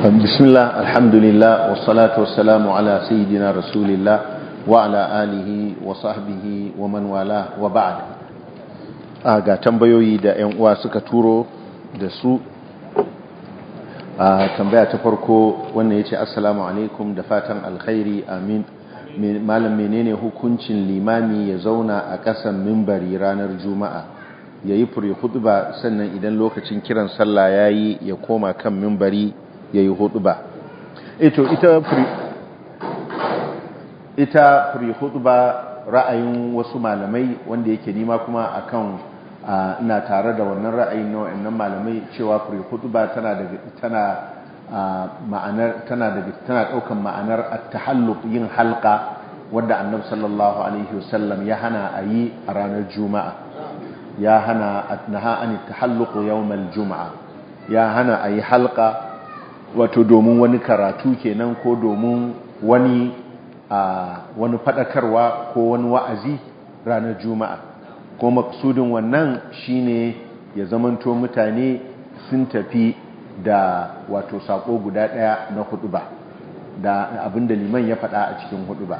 بسم الله الحمد لله والصلاة والسلام على سيدنا رسول الله وعلى آله وصحبه ومن والاه وبعد ga tambayoyi da 'yan uwa suka turo da su tambaya ta farko wannan ya ce assalamu alaikum da fatan alkhairi amin malam menene hukuncin limami ya zauna a ƙasan mimbari ranar juma'a ya yi fure hudu sannan idan lokacin kiran sallah ya yi ya koma kan mimbari ya yi hudu ba ita firi hudu ba ra'ayin wasu malamai wanda yake nima kuma akan ina tare da wannan ra'ayin na wa'annan malamai cewa firi hudu ba tana daga tana ma'anar tana daga daukan ma'anar a tahalluq yin halqa wadda annabi sallallahu alaihi wasallam ya hana a yi a ranar juma'a ya hana naha an tahalluqu yawm jumaa ya hana a yi halka wato domin wani karatu kenan ko domin wani a wani fadakarwa ko wani wa'azi ranar juma'a ko maksudin wannan shine ya zamanto mutane sun tafi da wato sako guda ɗaya na huɗuba da abin da liman ya fada a cikin huduba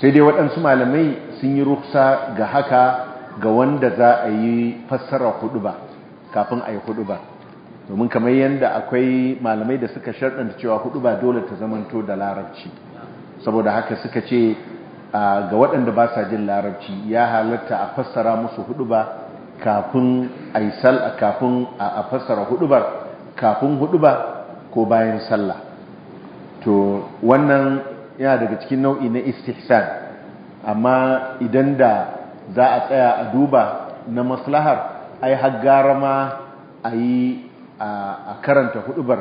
sai dai waɗansu malamai sun yi ruksa ga haka ga wanda za a yi fassara huɗuba kafin a yi huɗuba. domin kamar yadda akwai malamai da suka sharɗanta cewa hudu ba dole ta zamanto da larabci saboda haka suka ce ga waɗanda ba sa jin larabci ya halatta a fassara musu hudu ba kafin aisal kafin a fassara hudu ba kafin hudu ba ko bayan sallah to wannan yana daga cikin nau'i na istihsan amma idan da za a tsaya a duba na maslahar ai har gara ma a yi a karanta hudubar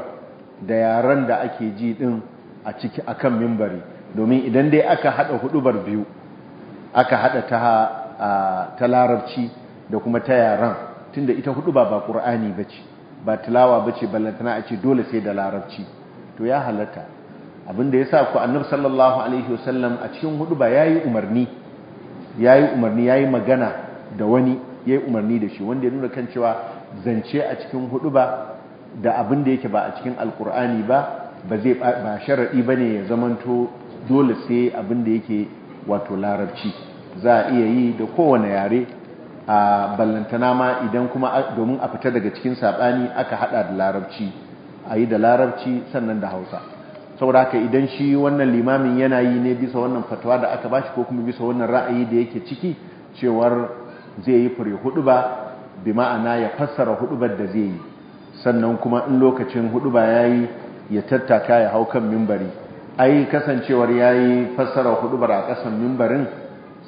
da yaran da ake ji din a ciki akan mimbari domin idan dai aka hada hudubar biyu aka hada ta ta larabci da kuma ta yaran tunda ita hudu ba ba bace ba tilawa bace ballantana a ce dole sai da larabci to ya halatta abinda yasa ku annabi sallallahu alaihi wasallam a cikin ya yayi umarni yayi umarni yayi magana da wani ya yi umarni da shi wanda ya nuna kan cewa zance a cikin hudu ba da abin da yake ba a cikin alkur'ani ba ba zai ba sharaɗi ba ne ya zamanto dole sai abin da yake wato larabci za a iya yi da kowane yare a ballantana ma idan kuma domin a fita daga cikin saɓani aka haɗa da larabci a yi da larabci sannan da hausa saboda haka idan shi wannan limamin yana yi ne bisa wannan fatawa da aka bashi ko kuma bisa wannan ra'ayi da yake ciki cewar zai yi fure hudu ba bi ma'ana ya fassara hudubar da zai yi sannan kuma in lokacin huduba yi ya tattaka ya hau kan mimbari ai kasancewar ya yi fassara hudubar a kasan mimbarin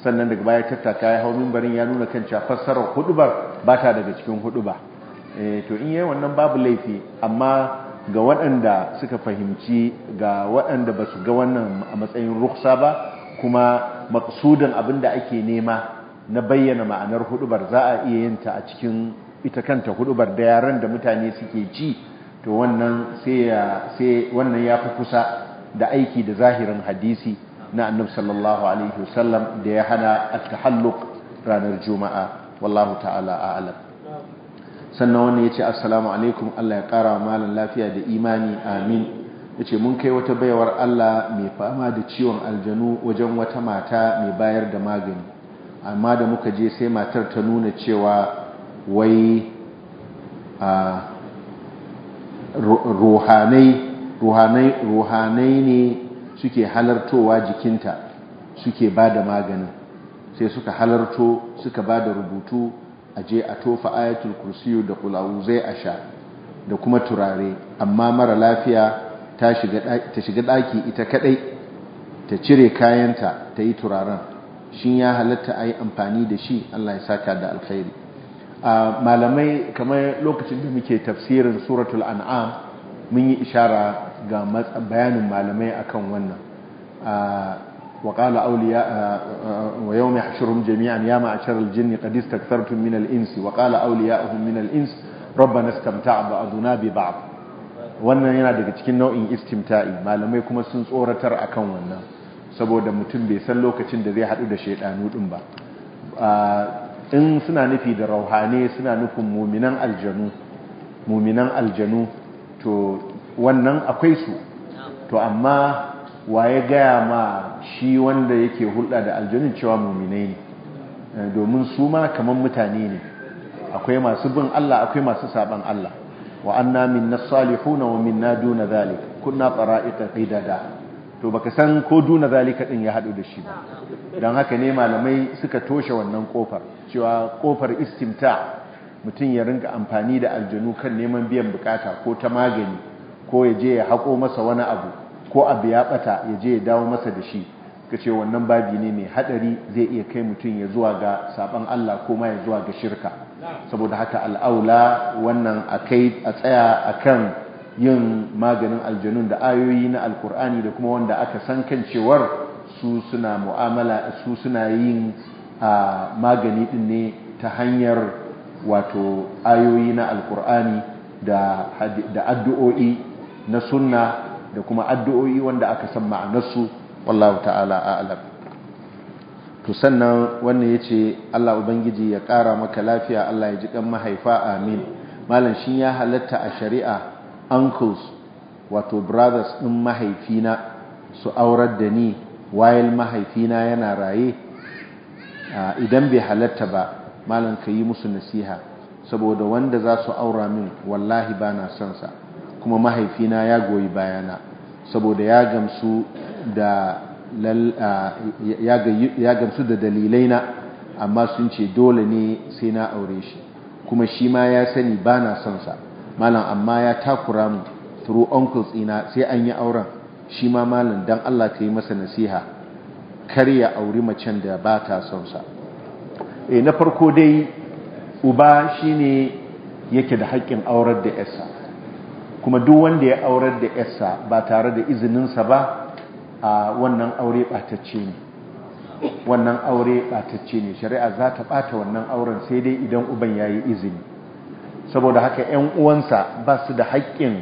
sannan daga baya tattaka ya hau mimbarin ya nuna kan cewa fassarar hudubar ba ta daga cikin huduba eh, to in yayi wannan babu laifi amma ga waɗanda suka fahimci ga waɗanda ba su ga wannan a matsayin ruksa ba kuma maksudin abin da ake nema na bayyana ma'anar hudubar za a iya yin ta a cikin ita kanta hudubar da yaran da mutane suke ji to wannan ya fi kusa da aiki da zahirin hadisi na annabi sallallahu alaihi wasallam da ya hana at-tahalluq ranar juma'a wallahu ta'ala a'lam sannan wannan yace assalamu alaikum Allah ya kara malan lafiya da imani amin ya ce mun kai wata baiwar Allah mai fama da ciwon aljanu wajen wata mata mai bayar da magani amma da muka je sai matar ta nuna cewa wai a ruhanai ne suke halartowa jikinta suke ba da magani, sai suka halarto suka ba da rubutu a je a tofa ayatul kursiyu da kulawuzai a sha da kuma turare amma mara lafiya ta shiga ɗaki ita kaɗai ta cire kayanta ta yi turaren Shin ya halatta a yi amfani da shi Allah ya saka da alkhairi malamai kamar lokacin da muke tafsirin suratul an'am mun yi ishara ga bayanin malamai akan wannan wa qala awliya wa yawma jami'an ya ma'ashar al-jinn qad istakthartum min al-insi wa qala awliya'uhum min al-ins rabbana istamta'a ba'duna bi ba'd wannan yana daga cikin nau'in istimta'i malamai kuma sun tsoratar akan wannan saboda mutum bai san lokacin da zai haɗu da shaidanu ɗin ba in suna nufi da rauhane suna nufin muminan aljanu muminan aljanu to wannan akwai su to amma wa ya gaya ma shi wanda yake hulɗa da aljanun cewa muminai ne eh, domin su ma kamar mutane ne akwai masu bin Allah akwai masu saban Allah wa anna minna salihuna wa minna duna zalik kunna qara'iqa qidada to baka san ko duna zalika din ya hadu da shi ba don haka ne malamai suka toshe wannan kofar cewa kofar istimta mutum ya rinka amfani da aljanu kan neman biyan bukata ko ta magani ko ya je ya hako masa wani abu ko abu ya ɓata ya je ya dawo masa da shi ka ce wannan babi ne mai haɗari zai iya kai mutum ya zuwa ga saban Allah ko ma ya zuwa ga shirka saboda haka al'aula wannan a kai a tsaya akan yin maganin aljanun da ayoyi na alkur'ani da kuma wanda aka san kan cewar su suna mu'amala su suna yin magani din ne ta hanyar wato ayoyi na alkur'ani da addu'o'i na sunna da kuma addu'o'i wanda aka san ma'anarsu wallahu ta'ala a'lam to sannan wannan yace Allah ubangiji ya ƙara maka lafiya Allah ya ji kan mahaifa amin malam shin ya halatta a shari'a uncles wato brothers ɗin mahaifina su aurar da ni wayil mahaifina yana raye idan bai halatta ba malam ka yi musu nasiha saboda wanda za su aura min wallahi ba na son sa kuma mahaifina ya goyi bayana saboda ya gamsu da ya dalilai na amma sun ce dole ne sai na aure shi kuma shi ma ya sani ba na son sa malam amma ya takura mu through uncles ina sai an yi auren shi ma malam dan Allah ka yi masa nasiha kar ya auri macen da ba ta son sa eh na farko dai uba shine yake da haƙƙin aurar da yarsa kuma duk wanda ya aurar da yarsa ba tare da izinin sa ba a wannan aure batacce ne wannan aure batacce ne shari'a za ta bata wannan auren sai dai idan uban yayi izini saboda haka ‘yan uwansa ba su da haƙƙin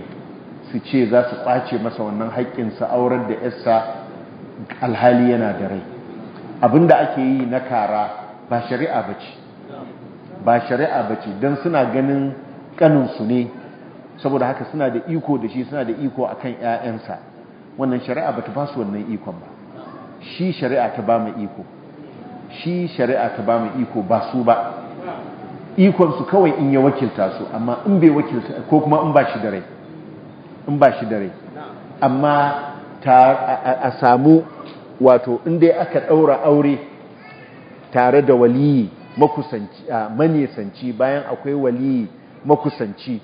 su ce za su ƙwace masa wannan haƙƙin su aurar da ‘yarsa alhali yana da rai abin da ake yi na kara ba shari'a ba ce ba shari'a ba ce don suna ganin ƙaninsu ne saboda haka suna da iko da shi suna da iko a kan ‘ya'yansa wannan shari'a ba ta ba su wannan ikon ba shi shari'a ta ba iko shi shari'a ta ba mu iko ba su ba ikonsu kawai in ya wakilta su amma in bai wakilta ko kuma in ba shi da in ba shi da rai amma a samu wato in dai aka ɗaura aure tare da waliyi makusanci manisanci bayan akwai waliyi makusanci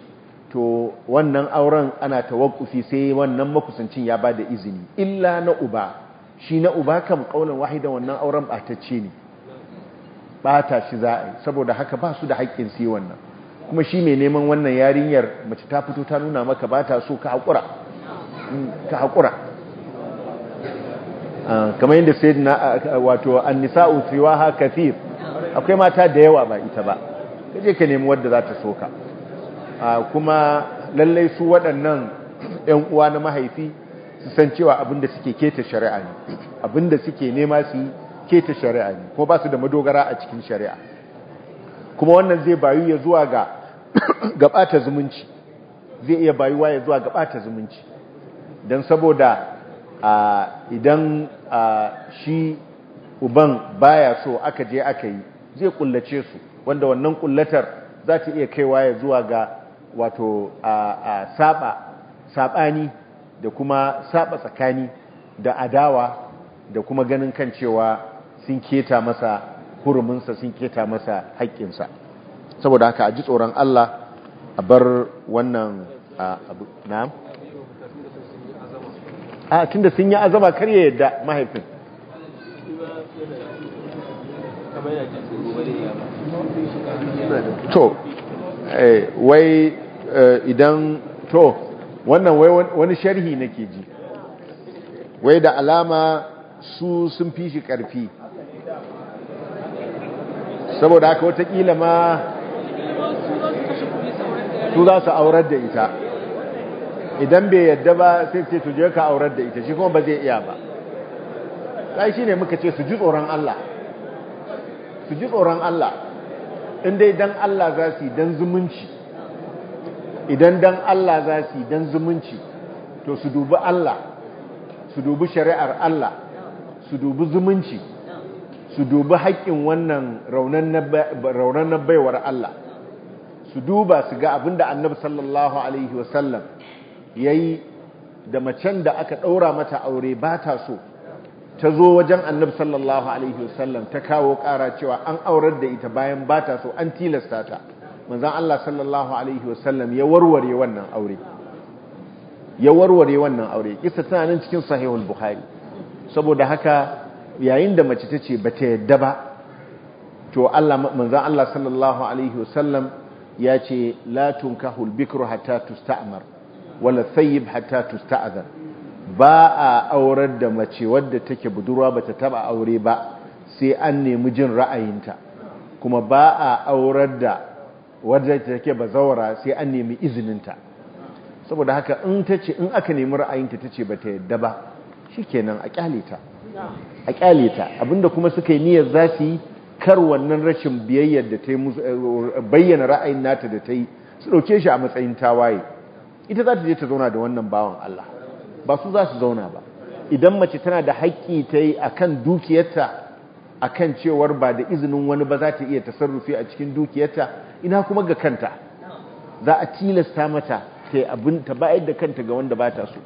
to wannan auren ana ta tawakkufi sai wannan makusancin ya ba da izini illa na uba shi na uba kam kaulan wahida wannan auren ce ne bata shi za a yi saboda haka ba su da haƙƙin su yi wannan kuma shi mai neman wannan yarinyar mace ta fito ta nuna maka ba ta so ka haƙura mm, ka haƙura ah, kamar yadda sai na ah, wato utriwa ha kathir akwai mata da yawa ba ita ba kaje ka nemi wadda za ta so ka ah, kuma lallai su waɗannan ‘yan uwa na mahaifi su san cewa abinda suke keta shari'a ne abinda suke nema su keta shari'a ne ko ba su da madogara a cikin shari'a kuma wannan zai bayu ya zuwa ga gabata zumunci zai iya bayuwa ya zuwa gabata zumunci don saboda idan shi uban baya so aka je aka yi zai kullace su wanda wannan kullatar za ta iya kaiwa ya zuwa ga wato a saba sabani da kuma saba tsakani da adawa da kuma ganin kan cewa sun keta masa huruminsa sun keta masa haƙƙinsa saboda haka a ji tsoron Allah a bar wannan abu na'am a tunda sun yi azama kar ya yadda mahaifin to eh, wai eh, idan to wannan wai wani sharhi nake ji wai da alama su sun fi shi ƙarfi saboda haka watakila ma su za su aurar da ita idan bai yadda ba sai ce su je ka aurar da ita shi kuma ba zai iya ba sai shi ne muka ce su ji tsoron Allah su ji tsoron Allah in dai dan Allah za su yi dan zumunci idan dan Allah za su yi dan zumunci to su dubi Allah su dubi shari'ar Allah su dubi zumunci su dubi haƙƙin wannan raunannen baiwar Allah su duba su ga abin da annabi sallallahu alaihi wasallam ya yi da macen da aka ɗaura mata aure ba ta so ta zo wajen annabi sallallahu alaihi wasallam ta kawo ƙara cewa an aurar da ita bayan ba ta so an tilasta ta manzan Allah sallallahu alaihi wasallam ya warware wannan aure ya warware wannan aure kisa tana nan cikin sahihul bukhari saboda haka yayin da mace ta ce ba ta yadda ba to Allah manzan Allah sallallahu alaihi wasallam ya ce la tunkahul bikru hatta tusta'mar wala thayyib hatta tusta'zar ba a aurar da mace wadda take budurwa bata taba aure ba sai an nemi jin ra'ayinta kuma ba a aurar da wadda take bazawara sai an nemi izininta saboda haka in tace in aka nemi ra'ayinta tace ce ba ta yadda ba shikenan a kyale ta a kyale ta abinda kuma suka yi niyyar za su yi kar wannan rashin biyayyar da ta yi eh, bayyana ra'ayin nata da ta yi su ɗauke shi a matsayin tawaye ita za ta je ta zauna da wannan bawan Allah ba su za su zauna ba idan mace tana da haƙƙi ta yi a kan dukiyarta a kan cewar ba da izinin wani ba za ta iya tasarrufi a cikin dukiyarta ina kuma ga kanta za a tilasta mata ta yi abin ta bayar da kanta ga wanda ba ta so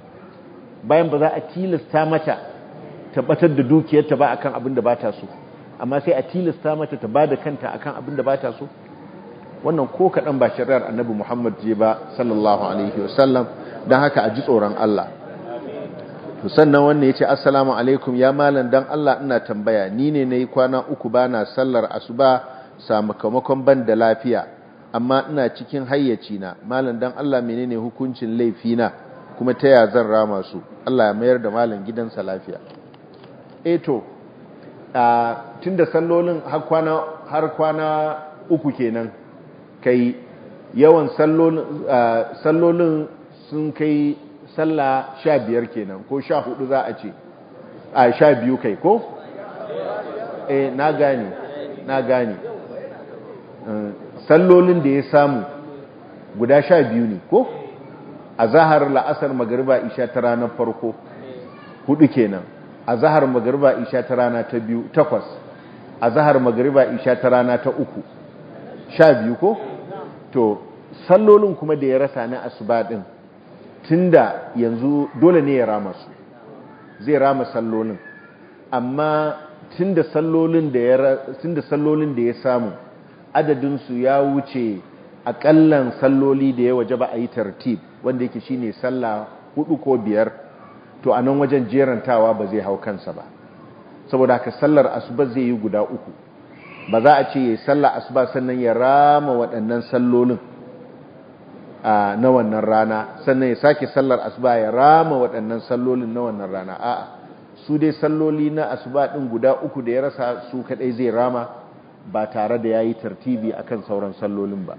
bayan ba za a tilasta mata tabbatar da dukiyarta ba akan abin da ba ta so amma sai a tilasta mata ta bada kanta akan abin da ba ta so wannan ko kaɗan ba shari'ar annabi Muhammad je ba sallallahu alaihi wasallam don haka a ji tsoron Allah to sannan wannan yace assalamu alaikum ya malam dan Allah ina tambaya ni ne nayi kwana uku bana sallar asuba sakamakon ban da lafiya amma ina cikin hayyaci na malam dan Allah menene hukuncin laifi na kuma ta ya zan rama su Allah ya mayar da malam gidansa lafiya eto eh tun da sallolin har kwana uku kenan kai yawan sallolin sun kai salla sha biyar kenan ko sha hudu za a ce a sha biyu kai ko? e na gane na gani eh, sallolin da ya samu guda sha biyu ne ko? a zahar la'asar magariba isha ta ranar farko hudu kenan a zahar magariba isha ta rana ta biyu takwas a zahar magariba isha ta rana ta uku sha biyu ko to sallolin kuma da ya rasa na asuba din tunda yanzu dole ne ya rama su zai rama sallolin amma tunda sallolin da ya samu adadin su ya wuce akallan salloli da ya waje ba a yi tartib wanda yake shine sallah hudu ko biyar to a nan wajen jerantawa ba zai hau kansa ba saboda haka sallar asuba zai yi guda uku ba za a ce ya yi sallar asuba sannan ya rama waɗannan sallolin na wannan rana sannan ya sake sallar asuba ya rama waɗannan sallolin na wannan rana a'a su dai salloli na asuba ɗin guda uku da ya rasa su kaɗai zai rama ba tare da ya yi tartibi a kan sauran sallolin ba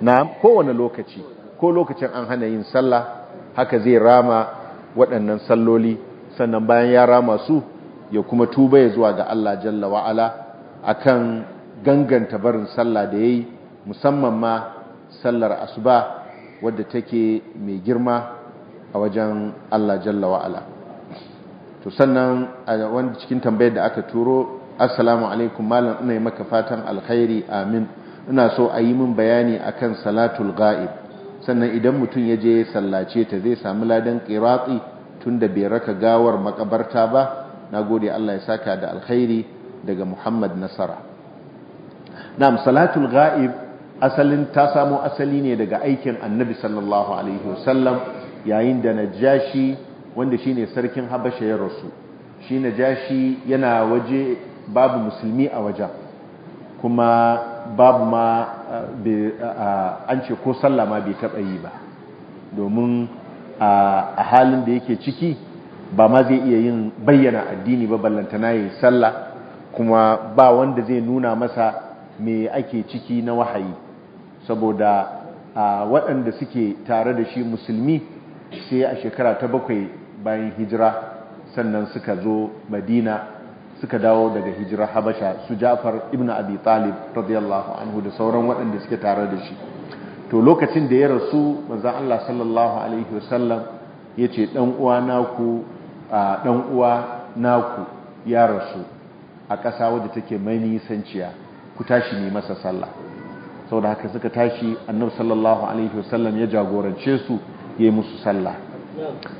na kowane lokaci ko lokacin an hana yin salla haka zai rama waɗannan salloli sannan bayan yara masu ya kuma tuba ya zuwa ga Allah jalla wa'ala akan ganganta barin sallah da ya yi musamman ma sallar asuba wadda take mai girma a wajen Allah jalla wa'ala to sannan a wani cikin tambayar da aka turo assalamu alaikum malam ina yi maka fatan alkhairi amin ina so a yi min bayani akan salatul ga'ib sannan idan mutum ya je sallace ta zai sami ladan qiratsi tunda bai raka gawar makabarta ba na gode Allah ya saka da alkhairi daga Muhammad Nasara na'am salatul ghaib asalin ta samo asali ne daga aikin Annabi sallallahu alaihi wasallam yayin da Najashi wanda shine sarkin Habasha ya rasu shi Najashi yana waje babu musulmi a wajen kuma babu ma an ce ko sallah ma bai taɓa yi ba domin a halin da yake ciki ba ma zai iya yin bayyana addini ba ballantana ya yi sallah kuma ba wanda zai nuna masa me ake ciki na wahayi saboda waɗanda suke tare da shi musulmi sai a shekara ta bakwai bayan hijira sannan suka zo madina suka dawo daga hijira habasha su jafar ibn abi talib radiyallahu anhu da sauran waɗanda suke tare da shi to lokacin da ya rasu manzan allah sallallahu alaihi wasallam ya ce ɗan'uwa naku a ɗan'uwa naku ya rasu a ƙasa wadda take mai nisanciya ku tashi ne masa sallah sau da haka suka tashi annab sallallahu alaihi wasallam ya jagorance su ya yi musu sallah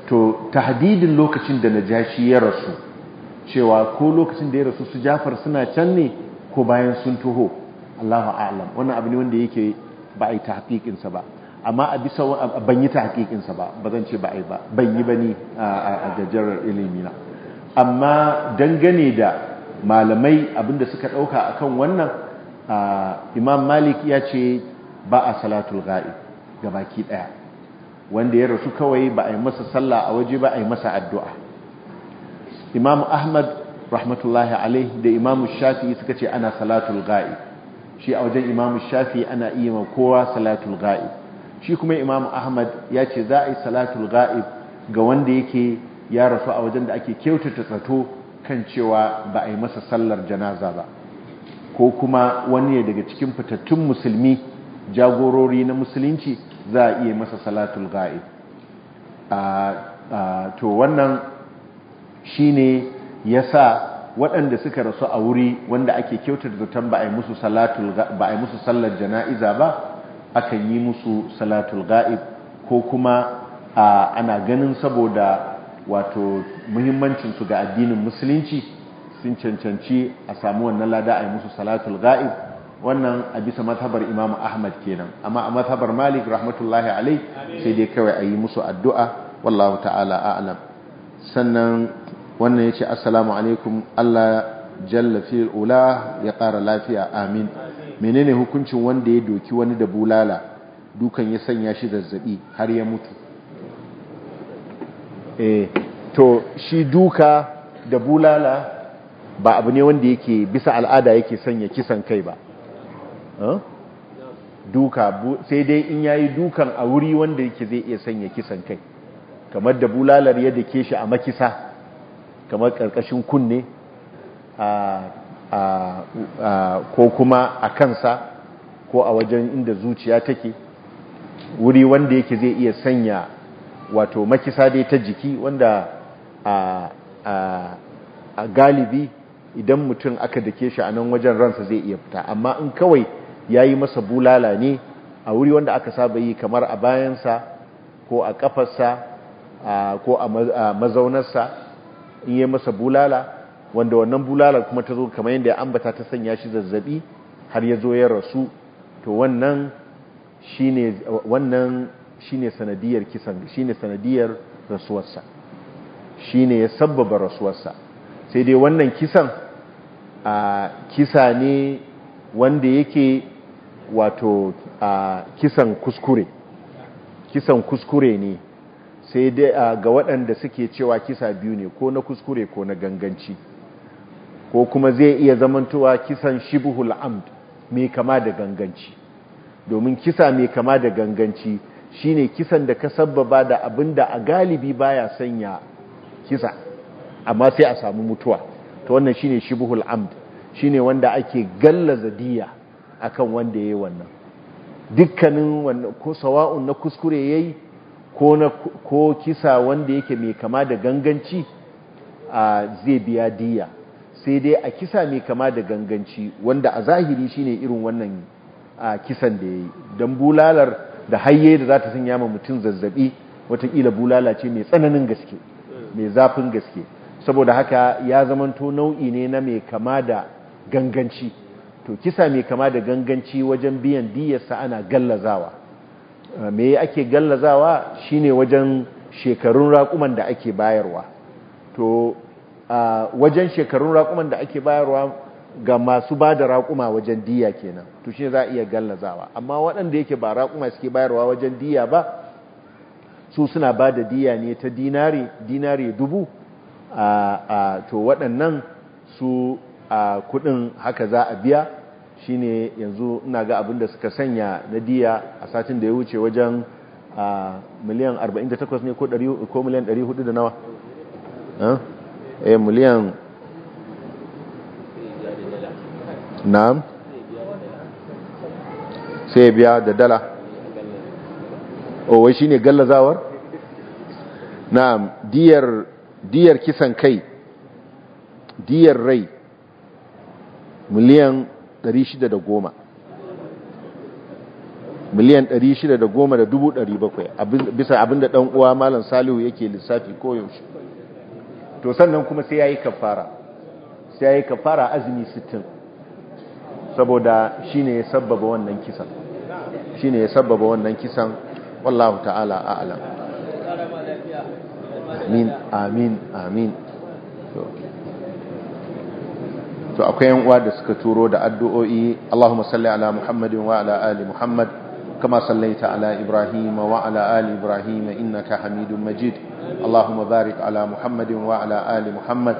to tahdidin lokacin da na shi ya rasu cewa ko lokacin da ya rasu su jafar suna can ne ko bayan sun tuho, Allahu a'lam wannan abu ne wanda yake ba a yi ta haƙiƙinsa ba amma a bisa ban yi ta haƙiƙinsa ba ba zan ce ba a yi ba ban yi ba ni a gajerar ilimi na amma dangane da malamai abinda suka ɗauka a kan wannan imam malik ya ce ba a salatul ga'i gabaki ɗaya wanda ya rasu kawai ba a yi masa sallah a waje ba a yi masa addu'a imam ahmad rahmatullahi alaihi da imamu Shafi suka ce ana salatul ga'i shi a wajen imam Shafi ana iya ma kowa salatul ga'i shi kuma imam ahmad ya ce za a yi salatul ga'i ga wanda yake ya rasu a wajen da ake kyautata tsato kan cewa ba a yi masa sallar janaza ba ko kuma wani ne daga cikin fitattun musulmi jagorori na musulunci za a iya masa salatul gai to wannan Shi ne ya sa waɗanda suka rasu a wuri wanda ake kyautar zaton ba a yi musu salatul ba a yi musu sallar jana'iza ba akan yi musu salatul ga'ib ko kuma a ana ganin saboda wato muhimmancin su ga addinin musulunci sun cancanci a samu wannan lada a yi musu salatul ga'ib wannan a bisa mazhabar Imam Ahmad kenan amma a mazhabar Malik rahmatullahi alai sai dai kawai a yi musu addu'a wallahu ta'ala a'lam sannan wannan ya ce assalamu alaikum Allah jalla fi ula ya ƙara lafiya amin menene hukuncin wanda ya doki wani da bulala dukan ya sanya shi zazzabi har ya mutu eh to shi duka da bulala ba abu ne wanda yake bisa al'ada yake sanya kisan kai ba eh? duka sai dai in yayi dukan a wuri wanda yake zai iya sanya kisan kai kamar da bulalar ya ke shi a makisa kamar karkashin kunne ko kuma a kansa ko a wajen inda zuciya take wuri wanda yake zai iya sanya wato makisa dai ta jiki wanda a galibi idan mutum aka dake shi a nan wajen ransa zai iya fita amma in kawai ya yi masa bulala ne a wuri wanda aka saba yi kamar a bayansa ko a kafarsa ko a mazaunarsa in yi masa bulala wanda wannan bulalar kuma ta zo kamar yadda ya ambata ta sanya shi zazzabi har ya zo ya rasu to wannan shine wannan sanadiyar kisan shine sanadiyar rasuwarsa shine ya sabbaba rasuwarsa sai dai wannan kisan a kisa ne wanda yake wato a kisan kuskure kisan kuskure ne sai dai ga waɗanda suke cewa kisa biyu ne ko na kuskure ko na ganganci ko kuma zai iya zamantowa kisan shibuhul amd mai kama da ganganci domin kisa mai kama da ganganci shine kisan da ka sabbaba da abinda a galibi baya sanya kisa amma sai a samu mutuwa ta wannan shine shibuhul amd shine wanda ake gallaza diya akan wanda ya yi wannan dukkanin ko sawa'un na kuskure yayi ko ko kisa wanda yake mai kama da ganganci a zai biya diya sai dai a kisa mai kama da ganganci wanda a zahiri shine irin wannan a kisan da yayi dan bulalar da hayye da za sanya ma mutum zazzabi watakila bulala ce mai tsananin gaske mai zafin gaske saboda haka ya zamanto nau'i ne na mai kama da ganganci to kisa mai kama da ganganci wajen biyan diyarsa ana gallazawa me ake gallazawa shine wajen shekarun raƙuman da ake bayarwa to wajen shekarun raƙuman da ake bayarwa ga masu ba da raƙuma wajen diya kenan to shine za a iya gallazawa amma waɗanda yake ba raƙuma suke bayarwa wajen diya ba su suna ba da diya ne ta dinari dinari dubu to waɗannan su a kudin haka za a biya Shi ne yanzu ina ga abin da suka sanya na diya a satin da ya wuce wajen miliyan 48 ne ko miliyan 400 da nawa eh miliyan na'am sai biya da dala owai oh, ne gallazawar na'am diyar diyar kisan kai diyar rai miliyan 610 miliyan 610,700 bisa abinda dan uwa malam salihu yake lissafi koyaushe to sannan kuma sai ya yi kafara sai ya yi kafara azumi 60 saboda shi ne ya sabbaba wannan kisan shi ne ya sabbaba wannan kisan wallahu ta'ala alam amin amin amin to akwai yan uwa da suka turo da addu'o'i Allahumma salli ala Muhammadin wa ala ali Muhammad kama sallaita ala Ibrahim wa ala ali Ibrahim innaka Hamidum Majid Allahumma barik ala Muhammadin wa ala ali Muhammad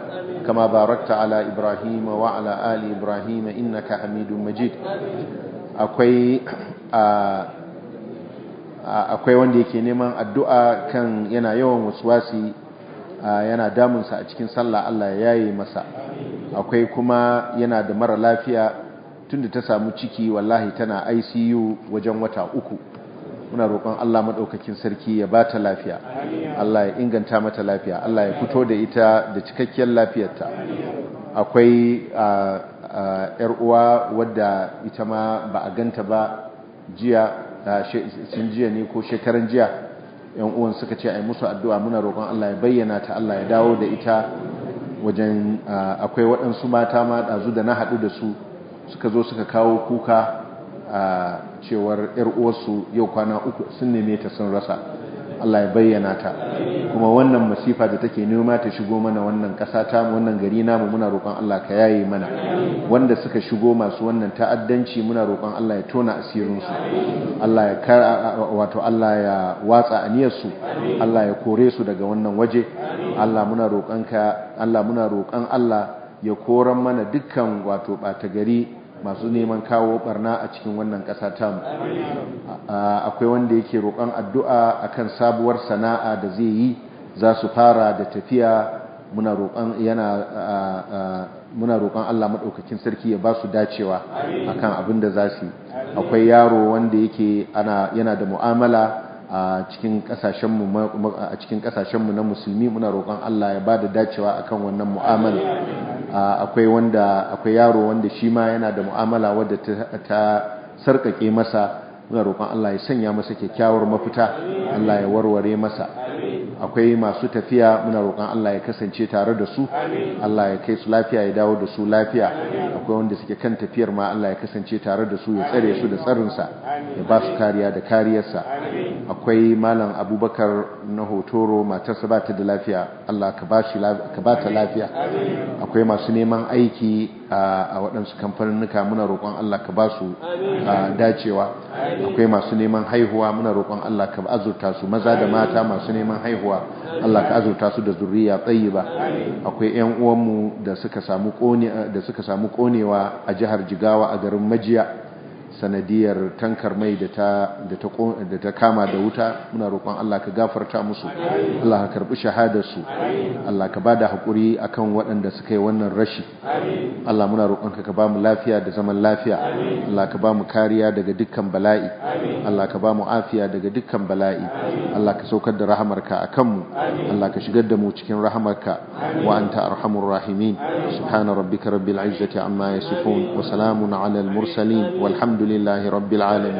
kama barakta ala Ibrahim wa ala ali Ibrahim innaka Hamidum Majid akwai akwai wanda yake neman addu'a kan yana yawan waswasi yana damunsa a cikin sallah Allah ya yaye masa akwai kuma yana da mara lafiya tunda ta samu ciki wallahi tana ICU wajen wata uku muna roƙon Allah maɗaukakin sarki ya ba ta lafiya Allah ya inganta mata lafiya Allah ya fito da ita da cikakkiyar lafiyarta akwai yar uwa wadda ita ma ba a ganta ba jiya sun jiya ne ko shekaran jiya yan uwan suka ce a yi musu addu'a muna roƙon Allah ya bayyana ta Allah ya dawo da ita wajen akwai waɗansu mata ma ɗazu da na haɗu da su suka zo suka kawo kuka a cewar 'yar uwarsu yau kwana uku sun neme ta sun rasa Allah ya bayyana ta kuma wannan masifa da take nema ta shigo mana wannan ƙasa ta wannan gari namu muna roƙon Allah ka yaye mana wanda suka shigo masu wannan ta'addanci muna roƙon Allah ya tona asirin su Allah ya kar wato Allah ya watsa aniyar su Allah ya kore su daga wannan waje Allah muna roƙon Allah muna roƙon Allah ya koran mana dukkan wato ɓata gari masu neman kawo barna a cikin wannan ƙasa mu akwai wanda yake roƙon addu'a akan sabuwar sana'a da zai yi za su fara da tafiya muna roƙon Allah maɗaukakin sarki ya ba su dacewa akan abin da za su yi. akwai yaro wanda yake yana da mu'amala a cikin kasashenmu a cikin kasashenmu na musulmi muna roƙon Allah ya bada dacewa kan wannan mu'amala akwai wanda akwai yaro wanda shi ma yana da mu'amala wadda ta sarkake masa muna roƙon Allah ya sanya masa kyakkyawar mafita Allah ya warware masa akwai masu tafiya muna roƙon Allah ya kasance tare da su Allah ya kai su lafiya ya dawo da su lafiya akwai wanda suke kan tafiyar ma Allah ya kasance tare da su ya tsare su da tsarinsa ya ba su kariya da kariyarsa akwai malam abubakar na hotoro matarsa ba ta da lafiya Allah ka ba ta lafiya akwai masu neman aiki a waɗansu kamfaninnuka muna roƙon Allah ka ba su dacewa akwai masu neman haihuwa muna roƙon Allah ka azurta su maza da mata masu neman haihuwa Allah ka azurta su da zuriya ba. akwai ƴan uwanmu da suka samu konewa a jihar Jigawa a garin Majiya sanadiyar tankar mai da ta kama da wuta muna roƙon Allah ka gafarta musu Allah ka karɓi shahadarsu Allah ka ba da haƙuri akan waɗanda suka yi wannan rashi Allah muna roƙon ka ba mu lafiya da zaman lafiya Allah ka ba mu kariya daga dukkan bala'i Allah ka ba mu afiya daga dukkan bala'i Allah ka saukar da rahamarka akan mu Allah ka shigar da mu cikin rahamarka wa anta arhamur rahimin subhana rabbika rabbil izzati amma yasifun wa salamun ala al mursalin walhamdulillah alxamdu lilaahi rab اlcaalamiin